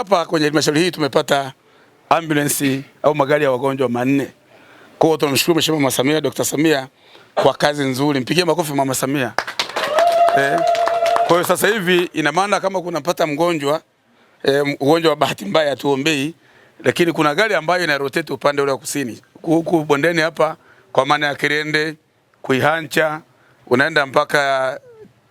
Hapa kwenye halmashauri hii tumepata ambulance au magari ya wagonjwa manne. Kwa hiyo tunamshukuru Mheshimiwa Mama Samia, Dr. Samia kwa kazi nzuri. Mpigie makofi Mama Samia. Eh. Kwa hiyo sasa hivi ina maana kama kunapata mgonjwa eh, mgonjwa wa bahati mbaya tuombei, lakini kuna gari ambayo ina rotate upande ule wa kusini. Huku bondeni hapa kwa maana ya Kirende, Kuihancha, unaenda mpaka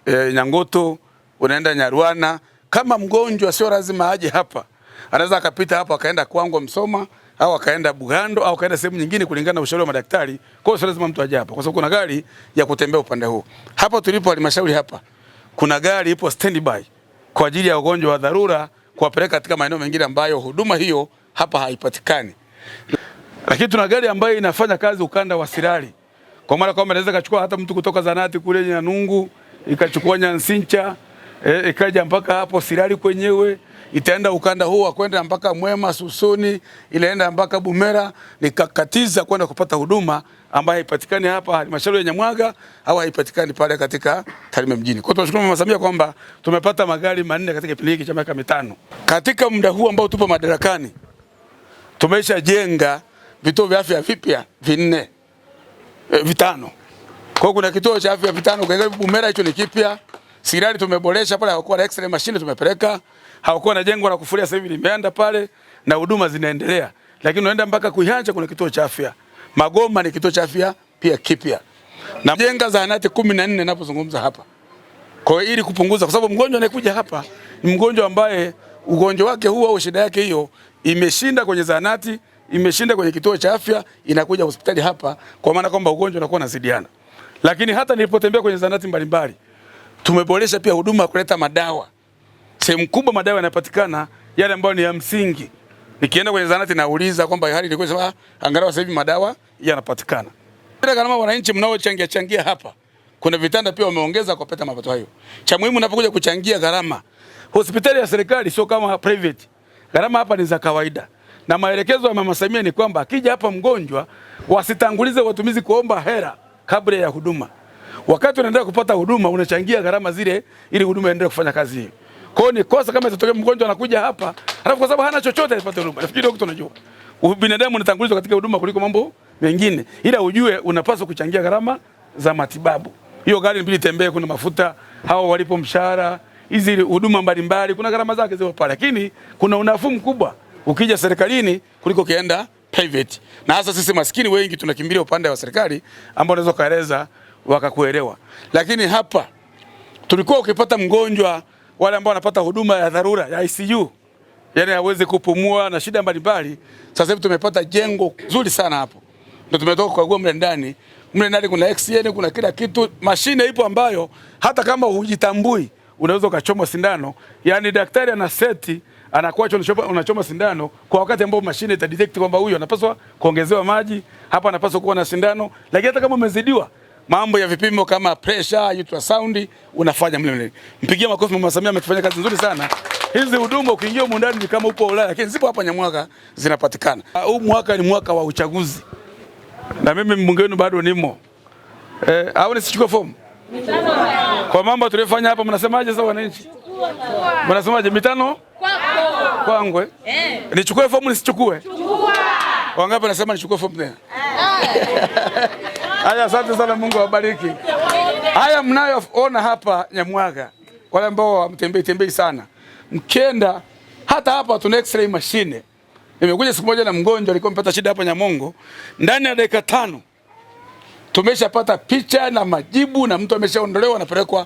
eh, Nyangoto, unaenda Nyarwana. Kama mgonjwa sio lazima aje hapa, anaweza akapita hapo akaenda kwangu Msoma au akaenda Bugando au akaenda sehemu nyingine kulingana na ushauri wa madaktari. Kwa hiyo sio lazima mtu aje hapa, kwa sababu kuna gari ya kutembea upande huu. Hapa tulipo halmashauri hapa kuna gari ipo standby kwa ajili ya wagonjwa wa dharura kuwapeleka katika maeneo mengine ambayo huduma hiyo hapa haipatikani. Lakini tuna gari ambayo inafanya kazi ukanda wa Sirari, kwa maana kwamba inaweza kachukua hata mtu kutoka Zanati kule Nyanungu, ikachukua Nyansincha e, ikaja mpaka hapo Sirari kwenyewe itaenda ukanda huu wa kwenda mpaka Mwema Susuni, ilienda mpaka Bumera, nikakatiza kwenda kupata huduma ambayo haipatikani hapa halmashauri ya Nyamwaga au haipatikani pale katika Tarime mjini. Kwa hiyo tunashukuru Mama Samia kwamba tumepata magari manne katika kipindi hiki cha miaka mitano. Katika muda huu ambao tupo madarakani, tumeshajenga vituo vya afya vipya vinne e, vitano. Kwa hiyo kuna kituo cha afya vitano kwa Bumera, hicho ni kipya. Sirari tumeboresha pale, hawakuwa na x-ray machine tumepeleka, hawakuwa na jengo la kufuria, sasa hivi limeenda pale na huduma zinaendelea. Lakini unaenda mpaka Kuihanja kuna kituo cha afya. Magoma ni kituo cha afya pia kipya. Na jenga zahanati 14 ninapozungumza hapa. Kwa hiyo ili kupunguza kwa sababu mgonjwa anayekuja hapa ni mgonjwa ambaye ugonjwa wake huo au shida yake hiyo imeshinda kwenye zahanati, imeshinda kwenye kituo cha afya, inakuja hospitali hapa kwa maana kwamba ugonjwa unakuwa unazidiana. Lakini hata nilipotembea kwenye zahanati mbalimbali mbali, Tumeboresha pia huduma ya kuleta madawa. Sehemu kubwa madawa yanapatikana yale ambayo ni ya msingi. Nikienda kwenye zanati nauliza kwamba hali ilikuwa sawa, angalau sasa hivi madawa yanapatikana. Bila gharama, wananchi mnaochangia changia hapa, kuna vitanda pia wameongeza kwa peta mapato hayo. Cha muhimu unapokuja kuchangia gharama, hospitali ya serikali sio kama private. Gharama hapa ni za kawaida na maelekezo ya Mama Samia ni kwamba akija hapa mgonjwa wasitangulize watumizi kuomba hela kabla ya huduma wakati unaendelea kupata huduma unachangia gharama zile, ili huduma iendelee kufanya kazi hiyo. Kwa hiyo ni kosa kama itatokea mgonjwa anakuja hapa alafu kwa sababu hana chochote asipate huduma. Nafikiri dokta, unajua binadamu unatangulizwa katika huduma kuliko mambo mengine, ila ujue unapaswa kuchangia gharama za matibabu. Hiyo gari mbili tembee, kuna mafuta, hao walipo mshahara, hizi huduma mbalimbali, kuna gharama zake zipo pale, lakini kuna unafuu mkubwa ukija serikalini kuliko ukienda private, na hasa sisi maskini wengi tunakimbilia upande wa serikali ambao unaweza kaeleza wakakuelewa. Lakini hapa tulikuwa ukipata mgonjwa wale ambao wanapata huduma ya dharura ya ICU, yani hawezi kupumua na shida mbalimbali. Sasa hivi tumepata jengo zuri sana hapo, ndio tumetoka kukagua mle ndani. Mle ndani kuna XN, kuna kila kitu, mashine ipo ambayo hata kama hujitambui unaweza ukachomwa sindano, yani daktari ana seti anakuacha unachoma sindano kwa wakati ambao mashine itadetect kwamba huyu anapaswa kuongezewa maji hapa, anapaswa kuwa na sindano. Lakini hata kama umezidiwa, mambo ya vipimo kama pressure, ultrasound unafanya mle mle. Mpigie makofi Mama Samia, ametufanya kazi nzuri sana. Hizi huduma ukiingia huko ndani ni kama upo Ulaya, lakini zipo hapa Nyamwaka zinapatikana. Ah, huu uh, mwaka ni mwaka wa uchaguzi na mimi mbunge wenu bado nimo eh, au nisichukue fomu kwa mambo tuliyofanya hapa? Mnasemaje sasa wananchi, mnasemaje? mitano kwako kwangu eh? eh, nichukue fomu nisichukue? Chukua. Wangapi nasema nichukue fomu tena? Eh. Haya, asante sana, Mungu awabariki. Haya mnayoona hapa Nyamwaga, wale ambao wamtembei tembei sana mkenda, hata hapa tuna x-ray mashine. Nimekuja siku moja na mgonjwa alikuwa amepata shida hapa Nyamongo, ndani ya dakika tano tumeshapata picha na majibu na mtu ameshaondolewa anapelekwa